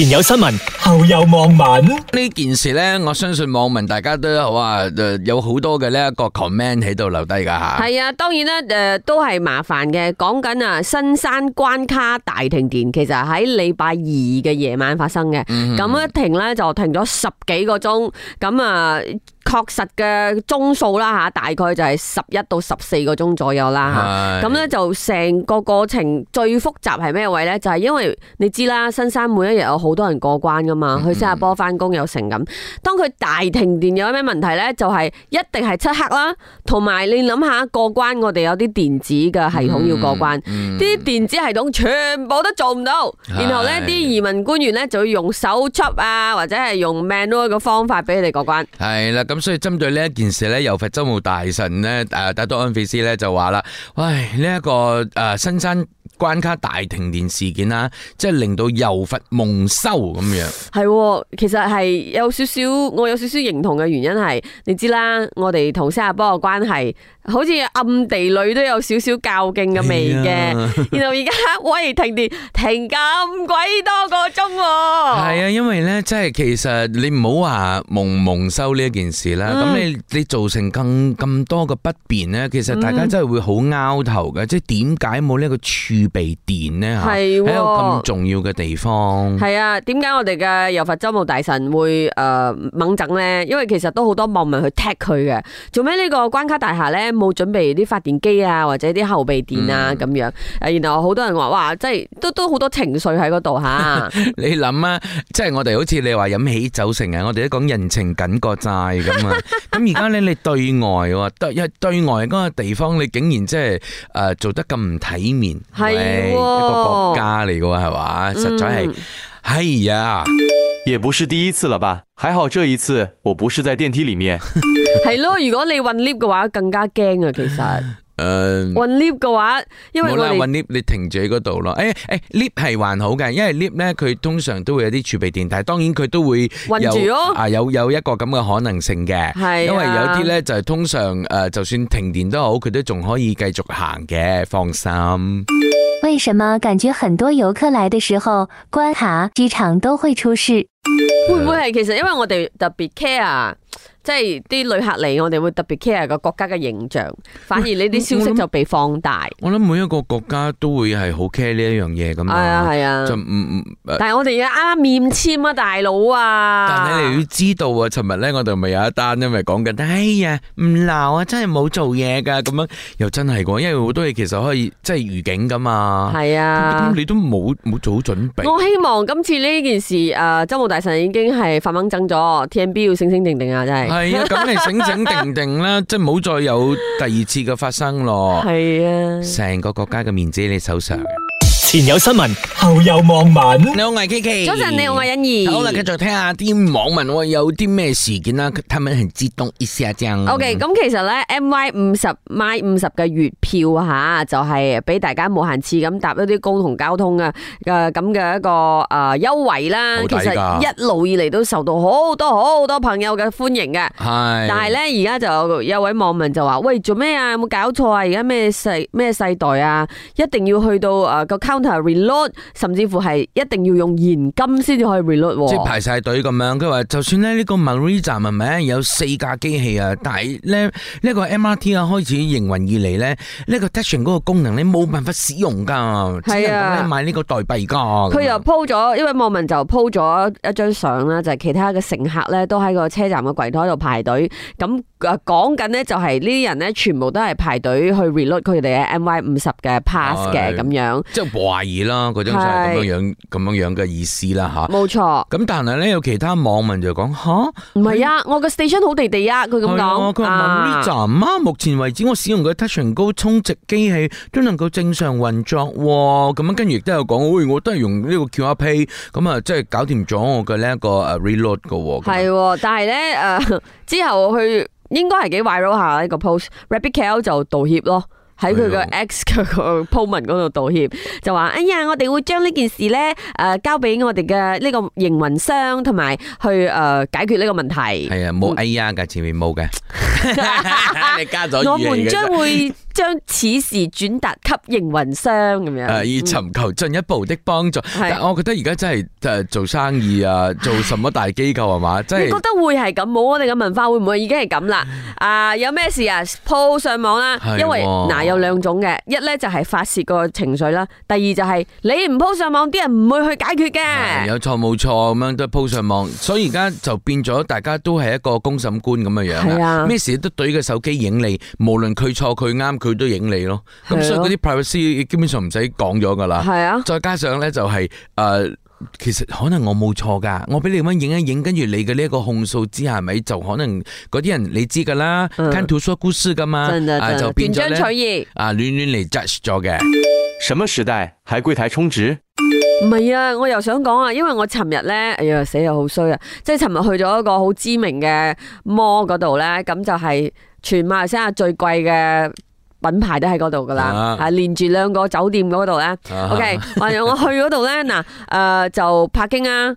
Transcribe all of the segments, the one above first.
前有新聞，後有網民。呢件事呢，我相信網民大家都好啊，誒，有好多嘅呢一個 comment 喺度留低噶吓。係啊，當然啦，誒，都係麻煩嘅。講緊啊，新山關卡大停電，其實喺禮拜二嘅夜晚發生嘅。咁一停呢，就停咗十幾個鐘。咁啊。確實嘅鐘數啦吓，大概就係十一到十四個鐘左右啦。咁咧就成個過程最複雜係咩位呢？就係因為你知啦，新山每一日有好多人過關噶嘛，去新加坡翻工有成咁。當佢大停電有咩問題呢？就係、是、一定係漆黑啦。同埋你諗下過關，我哋有啲電子嘅系統要過關，啲、嗯嗯、電子系統全部都做唔到。然後呢啲移民官員呢，就要用手插啊，或者係用 manual 嘅方法俾佢哋過關。係啦，嗯所以針對呢件事咧，由佛州務大臣呢，誒，大多安菲斯呢，就話啦，喂、這個，呢一個新山關卡大停電事件啦，即係令到又佛蒙羞咁樣。係，其實係有少少，我有少少認同嘅原因係，你知啦，我哋同新加坡嘅關係，好似暗地裏都有少少較勁嘅味嘅。然後而家喂，停電停咁鬼多個鐘。係啊，因為咧，即係其實你唔好話蒙蒙羞呢一件事啦。咁你你造成更咁多嘅不便咧，其實大家真係會好拗頭嘅。即係點解冇呢個處？備電咧吓，喺個咁重要嘅地方，係啊？點解我哋嘅柔佛州務大臣會誒猛整咧？因為其實都好多網民去踢佢嘅，做咩呢個關卡大廈咧冇準備啲發電機啊，或者啲後備電啊咁樣？誒，然後好多人話哇，即係都都好多情緒喺嗰度吓。你諗啊，即係我哋好似你話飲喜酒成日，我哋都講人情緊過債咁啊。咁而家咧，你對外話對一對外嗰個地方，你竟然即係誒做得咁唔體面，係。係一個國家嚟嘅係嘛，實在係，哎呀， 也不是第一次了吧？還好這一次我不是在電梯裏面。係 咯， 如果你混 lift 嘅話，更加驚啊！其實。運 lift 嘅話，因為好啦了，運 lift 你停住喺嗰度咯。誒誒，lift 係還好嘅，因為 lift 咧，佢通常都，有儲都會有啲儲備電，但係當然佢都會暈住咯。啊，有有一個咁嘅可能性嘅，係、啊、因為有啲咧就係通常誒、呃，就算停電都好，佢都仲可以繼續行嘅，放心。為什麼感覺很多遊客來的時候，關卡機場都會出事？呃、會唔會係其實因為我哋特別 care？即係啲旅客嚟，我哋會特別 care 個國家嘅形象，反而呢啲消息就被放大。我諗每一個國家都會係好 care 呢一樣嘢咁。係啊係啊，就唔唔。但係我哋而家面簽啊，大佬啊。但係你哋要知道啊，尋日咧我哋咪有一單，因為講緊哎呀唔鬧啊，真係冇做嘢噶，咁樣又真係講，因為好多嘢其實可以即係預警噶嘛。係啊，咁你都冇冇做好準備。我希望今次呢件事，誒，州務大臣已經係發掹憎咗，TMB 要醒醒定定啊，真係。係啊，咁你醒醒定定啦，即係唔好再有第二次嘅發生咯。係啊，成個國家嘅面子喺你手上。前有新聞，後有網民。你好，係 Kiki。早晨，你好，係欣怡。好啦，繼續聽下啲網民，有啲咩事件啦？他們很激動，一些這樣。OK，咁其實咧，MY 五十 MY 五十嘅月。票嚇，就係俾大家無限次咁搭一啲公共交通嘅嘅咁嘅一個誒優惠啦。其實一路以嚟都受到好多好多朋友嘅歡迎嘅。係。但係咧，而家就有位網民就話：喂，做咩啊？有冇搞錯啊？而家咩世咩世代啊？一定要去到誒個 counter reload，甚至乎係一定要用現金先至可以 reload。即係排曬隊咁樣。佢話：就算咧，呢個 Marina 站係咪有四架機器啊？但係咧，呢一個 MRT 啊開始營運以嚟咧。呢個 Touch 'n Go 嗰個功能你冇辦法使用㗎，只啊，咁買呢個代幣㗎。佢又 po 咗，因為網民就 po 咗一張相啦，就是，其他嘅乘客咧都喺個車站嘅櫃台度排隊。咁誒講緊咧就係呢啲人咧全部都係排隊去 reload 佢哋嘅 M Y 五十嘅 pass 嘅咁的樣。即係懷疑啦，嗰張相係咁樣樣，咁的樣樣嘅意思啦嚇。冇錯錯。咁但係咧有其他網民就講嚇，唔、啊、係啊，我嘅 station 好地地啊，佢咁講。佢呢、啊啊、站啊，目前為止我使用嘅 Touch 'n Go 充值機器都能夠正常運作，咁樣跟住亦都有講，喂，我都係用呢個 QR Pay，咁啊，即係搞掂咗我嘅呢一個誒 reload 嘅。係，但係咧誒之後佢應該係幾 viral 下呢個 post，Rapid KL 就道歉咯，喺佢嘅 ex 嘅個 po 文嗰度道歉，就話哎呀，我哋會將呢件事咧誒交俾我哋嘅呢個營運商同埋去誒解決呢個問題。係啊，冇哎呀嘅，前面冇嘅。我們將會將此事轉達給營運商咁樣，以尋求進一步的幫助。但我覺得而家真係誒做生意啊，做什麼大機構係嘛？即係你覺得會係咁？冇我哋嘅文化會唔會已經係咁啦？啊，有咩事啊？post 上網啦，因為嗱有兩種嘅，一咧就係發洩個情緒啦，第二就係你唔 post 上網，啲人唔會去解決嘅。有錯冇錯咁樣都 post 上網，所以而家就變咗大家都係一個公審官咁嘅樣啦。咩？自己都對個手機影你，無論佢錯佢啱，佢都影你咯。咁的所以嗰啲 privacy 基本上唔使講咗噶啦。係啊的，再加上咧就係、是、誒、呃，其實可能我冇錯噶，我俾你咁樣影一影，跟住你嘅呢一個控訴之下，咪就可能嗰啲人你知噶啦，睇圖說故事噶嘛，真的 啊、就斷章取義，啊亂亂嚟 judge 咗嘅。什麼時代仲喺櫃台充值？唔係啊，我又想講啊，因為我尋日咧，哎呀死又好衰啊，即係尋日去咗一個好知名嘅 mall 嗰度咧，咁就係全馬嚟講下最貴嘅品牌都喺嗰度噶啦，係、啊、連住兩個酒店嗰度咧。OK，我哋我去嗰度咧，嗱誒、 呃、就 parking 啊，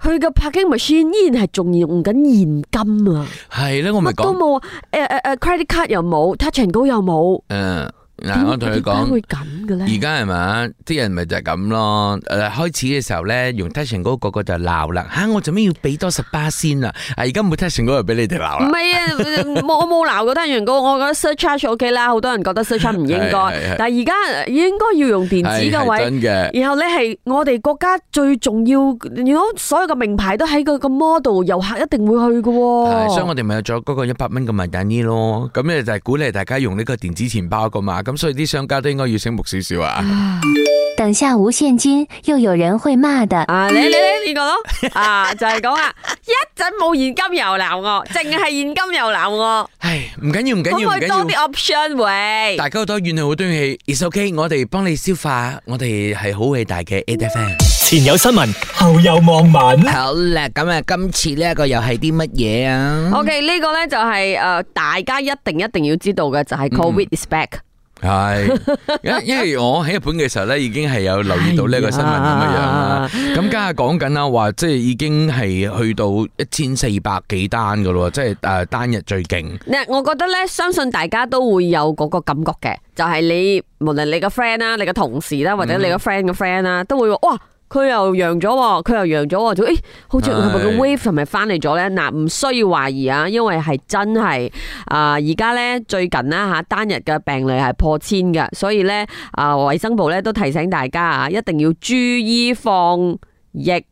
佢嘅 parking machine 依然係仲要用緊現金啊，係咧、啊，我咪講都冇誒誒誒 credit card 又冇，Touch 'n Go 又冇。嗱，啦我同佢講，而家係嘛，啲人咪就係咁咯。誒、呃，開始嘅時候咧，用 t e u c h i n g 高個個就鬧啦。吓，我做咩要俾多十八先啊？啊，而家冇 t e u c h i n g 高又俾你哋鬧啦。唔係啊，啊 我冇鬧個 t e u c h i n g 高，我覺得 Search c、okay、O K 啦。好多人覺得 Search 唔、okay、 應該，但係而家應該要用電子嘅位。真嘅。然後咧係我哋國家最重要，如果所有嘅名牌都喺個個 model 遊客一定會去嘅。係。所以我哋咪有咗嗰個一百蚊嘅文憑呢咯。咁咧就係鼓勵大家用呢個電子錢包噶嘛。咁所以啲商家都應該要醒目少少啊。等下無現金又有人會罵嘅啊！你你你練我咯啊！就係講啊，一陣冇現金又鬧我，淨係現金又鬧我。唉，唔緊要，唔緊要，唔緊要。我可以多啲 option 喂。大家好多怨氣，好多怨氣，Okay，我哋幫你消化，我哋係好偉大嘅 ATF。前有新聞，後有網民。好啦，咁啊，今次呢一個又係啲乜嘢啊？O.K. 呢個咧就係誒，大家一定一定要知道嘅就係 Covid is back。係，因 因為我喺日本嘅時候咧，已經係有留意到呢個新聞咁樣，咁家下講緊啦，話 即係已經係去到一千四百幾單噶咯，即係誒單日最勁。我覺得呢，相信大家都會有嗰個感覺嘅，就係、是、你無論你個 friend 啦、你個同事啦，或者你個 friend 嘅 friend 啦，都會話哇。佢又陽咗，佢又陽咗，就、哎、誒，好似係咪個 wave 係咪翻嚟咗呢？嗱、啊，唔需要懷疑啊，因為係真係啊，而、呃、家呢，最近呢，吓，單日嘅病例係破千嘅，所以呢，啊、呃，衛生部呢都提醒大家啊，一定要注意防疫。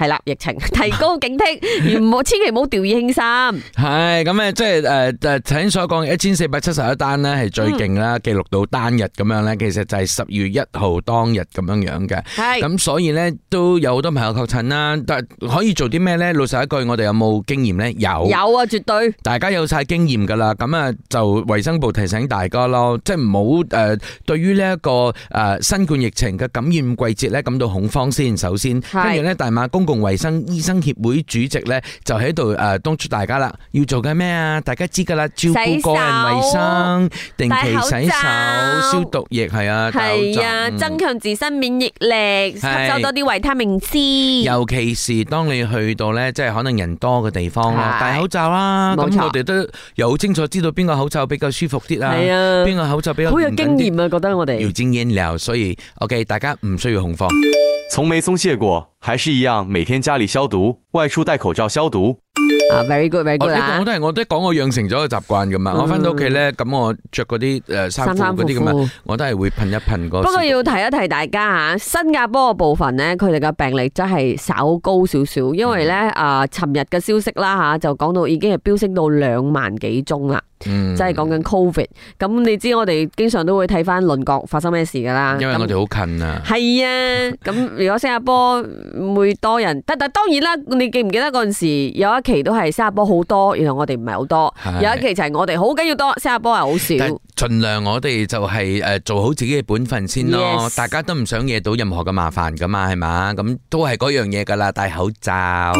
係啦，疫情提高警惕，唔好千祈唔好掉以輕心。係咁啊，即係誒，頭先所講嘅一千四百七十一單咧，係最勁啦，記錄到單日咁樣咧，其實就係十月一號當日咁樣樣嘅。係咁，所以咧都有好多朋友確診啦，但係可以做啲咩咧？老實一句，我哋有冇經驗咧？有有啊，絕對。大家有晒經驗噶啦，咁啊就衛生部提醒大家咯，即係唔好誒，對於呢一個誒新冠疫情嘅感染季節咧，感到恐慌先。首先，跟住咧大馬公。衛生醫生協會主席咧就喺度誒督促大家啦，要做緊咩啊？大家知噶啦，照顧個人衛生，定期洗手，消毒液係啊，口罩，係啊，增強自身免疫力。啊、吸收多啲維他命 C，尤其是當你去到咧，即係可能人多嘅地方啦，啊、戴口罩啦，咁錯我哋都有好清楚知道邊個口罩比較舒服啲啊，邊個口罩比較好有經驗啊，覺得我哋要經驗料，所以，所以 OK，大家唔需要恐慌。 從沒鬆懈過，還是一樣每天家裏消毒，外出戴口罩消毒。啊、oh,，very good，very good 啊！我都係我都講，我養成咗個習慣噶嘛。翻、mm. 到屋企咧，咁我着啲誒衫衫啲咁，我都係會噴一噴個。不過要提一提大家吓，新加坡嘅部分咧，佢哋嘅病例真係稍高少少，因為咧、呃、啊，尋日嘅消息啦吓，就講到已經係飆升到兩萬幾宗啦。嗯、即係講緊 Covid，咁你知我哋經常都會睇翻鄰國發生咩事噶啦。因為我哋好近啊那。係 啊，咁如果新加坡會多人，但但當然啦，你記唔記得嗰陣時有一期都係新加坡好多，然後我哋唔係好多。是的 有一期就係我哋好緊要多，新加坡係好少。盡量我哋就係誒做好自己嘅本分先咯，Yes. 大家都唔想惹到任何嘅麻煩噶嘛，係嘛？咁都係嗰樣嘢噶啦，戴口罩。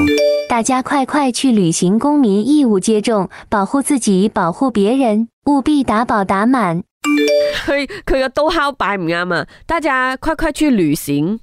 大家快快去履行公民義務，接種保護自己，保護別人，務必打飽打滿。佢佢嘅逗號擺唔啱啊！大家快快去旅行。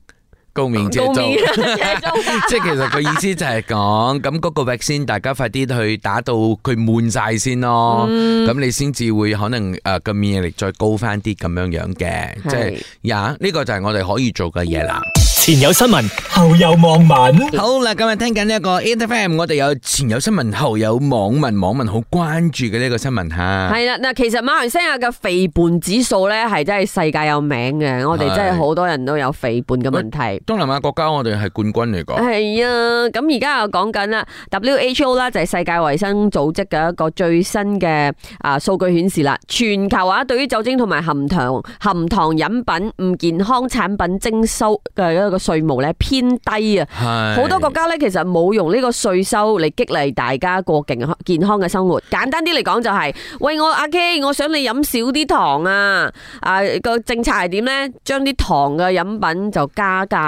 高明啫，做即係其實個意思就係講，咁嗰 個 vac 先，大家快啲去打到佢滿晒先咯。咁、嗯、你先至會可能誒個免疫力再高翻啲咁樣樣嘅，是即係呀呢、這個就係我哋可以做嘅嘢啦。前有新聞，後有網民。 好啦，今日聽緊呢一個 interfirm，我哋有前有新聞，後有網民。網民好關注嘅呢個新聞吓。係啦，嗱，其實馬來西亞嘅肥胖指數咧係真係世界有名嘅，我哋真係好多人都有肥胖嘅問題。東南亞國家我哋係冠軍嚟講，係啊，咁而家又講緊啦，WHO 啦就係世界衛生組織嘅一個最新嘅啊數據顯示啦，全球啊對於酒精同埋含糖含糖飲品唔健康產品徵收嘅一個稅務咧偏低啊，係好多國家咧其實冇用呢個稅收嚟激勵大家過健康健康嘅生活。簡單啲嚟講就係，喂，我阿 K，我想你飲少啲糖啊，啊個政策係點呢？將啲糖嘅飲品就加價。因為加稅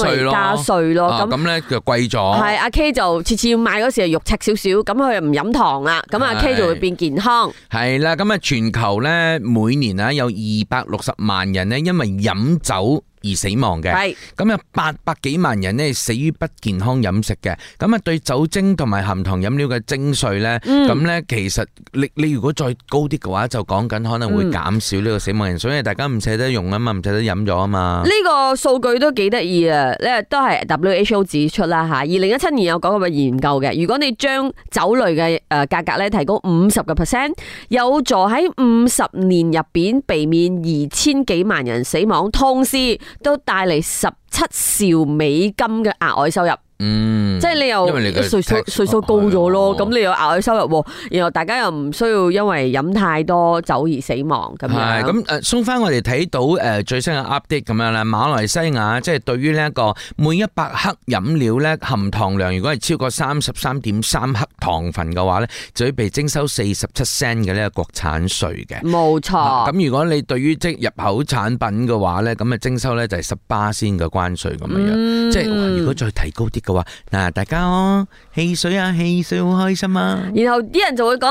咯，加稅咯，咁咧那、啊、就貴咗。係阿 K 就次次要買嗰時係肉赤少少，咁佢又唔飲糖啦，咁阿 K 就會變健康。係啦，咁啊，全球咧每年啊有二百六十萬人咧因為飲酒，而死亡嘅，係咁啊，八百幾萬人咧死於不健康飲食嘅，咁啊對酒精同埋含糖飲料嘅徵稅咧，咁咧其實你你如果再高啲嘅話，就講緊可能會減少呢個死亡人數，所以大家唔捨得用啊嘛，唔捨得飲咗啊嘛。呢個數據都幾得意啊！咧都係 WHO 指出啦吓，二零一七年有個研究嘅。如果你將酒類嘅誒價格咧提高五十個 percent，有助喺五十年入邊避免二千幾萬人死亡，同時。都帶嚟十七兆美金嘅額外收入。嗯，即係你又因為你嘅稅稅稅數高咗咯，咁、哦、你又額外收入，然後大家又唔需要因為飲太多酒而死亡咁樣。係咁誒，送、嗯、翻我哋睇到誒、呃、最新嘅 update 咁樣啦，馬來西亞即係對於呢、這、一個每一百克飲料咧含糖量如果係超過三十三點三克糖分嘅話咧，就要被徵收四十七 cent 嘅呢個國產稅嘅。冇錯。咁、啊、如果你對於即入口產品嘅話咧，咁啊徵收咧就係十巴仙嘅關稅咁樣樣，嗯、即係如果再提高啲。嘅話，嗱，大家哦，汽水啊，汽水好開心啊。然後啲人就會講，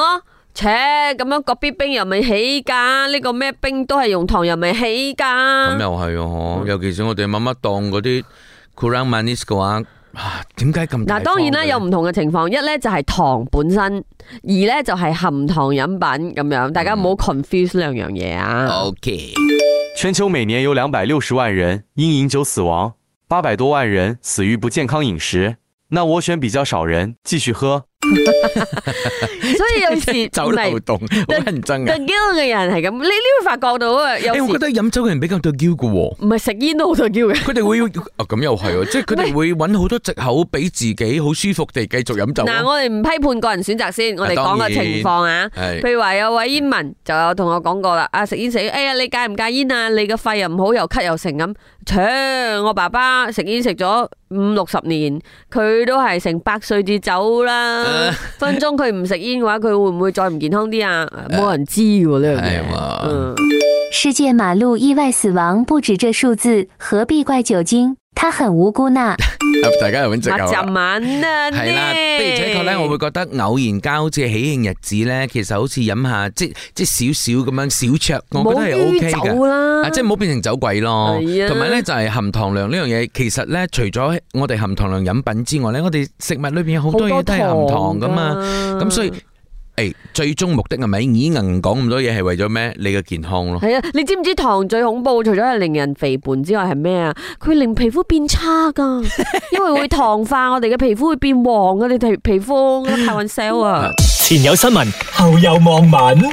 切，咁樣嗰啲冰又未起噶，呢個咩冰都係用糖又未起噶。咁又係哦，尤其是我哋媽媽檔嗰啲 kurang manis 嘅話，啊，點解咁？嗱，當然啦，有唔同嘅情況，一咧就係糖本身，二咧就係含糖飲品咁樣，大家唔好 confuse 兩樣嘢啊。OK，全球每年有兩百六十萬人因飲酒死亡。八百多萬人死於不健康飲食，那我選比較少人繼續喝。 所以有時嚟， 流動好是人憎嘅，驕傲嘅人係咁，你你 會發覺到啊。誒，我覺得飲酒嘅人比較驕傲嘅，唔係食煙都好驕傲嘅。佢哋會啊，咁又係哦，即係佢哋會揾好多藉口俾自己好舒服地繼續飲酒啊麼。嗱，我哋唔批判個人選擇先，我哋講個情況啊。譬如話有位煙民就有同我講過啦，啊煙食煙死，哎呀你戒唔戒煙啊？你個肺又唔好，又咳又成咁。我爸爸煙食煙食咗五六十年，佢都係成百歲至走啦。啊 分鐘佢唔食煙嘅話，佢會唔會再唔健康啲啊？冇、欸、人知呢樣嘢。哎、呀 嗯，世界馬路意外死亡不止這數字，何必怪酒精？他很無辜吶、啊， 大家又搵借口啊？係啦，而且咧，我會覺得偶然交，好似喜慶日子咧，其實好似飲下即即少少咁樣小酌，我覺得係 O K 噶啊，即係唔好變成酒鬼咯。係啊，同埋咧就係含糖量呢樣嘢，其實咧除咗我哋含糖量飲品之外咧，我哋食物裏邊有好多嘢都係含糖噶嘛，咁、啊、所以。誒、哎，最終目的係咪？已經能講咁多嘢，係為咗咩？你嘅健康咯。係啊，你知唔知糖最恐怖？除咗係令人肥胖之外，係咩啊？佢令皮膚變差噶， 因為會糖化我哋嘅皮膚會變黃啊！你皮皮膚，晒運 cell 啊！前有新聞，後有網民。